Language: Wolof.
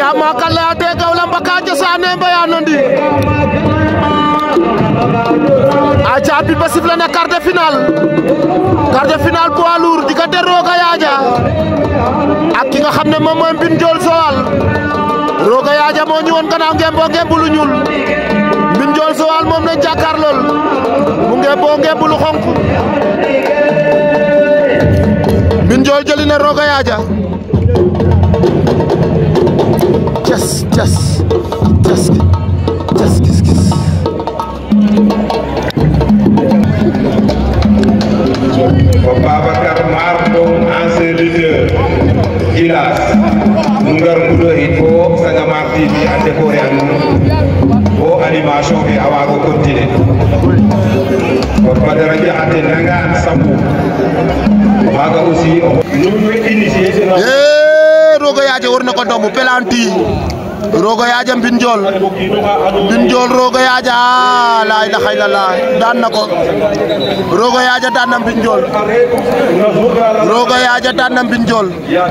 Caama Kalle a te Gawla Mbaka cosaane Mbeya Nondi aca arbitre ba sifflé na quart de finale quart de finale poids lourd diggante Roga Yaaja ak ki xam ne moom mooy Mbine Ndiol Yaaja moo ñu woon gannaaw ngemboo ngembu lu ñuul Mbine Ndiol Sowal moom lañ jàkkaar lool mu ngemboo ngembu lu xonk Mbine Ndiol jëli na Roga Yaaja Just, just, just kiss, kiss. Babacar Mardong ancien leader Gilas ngar ngudo hit bo marti bi ande ko bo animation bi awago continue ko pelanti Rogo Yaaja Mbine Ndiol Mbine Ndiol Rogo Yaaja ah, laa daan na ko Rogo Yaaja daan na Mbine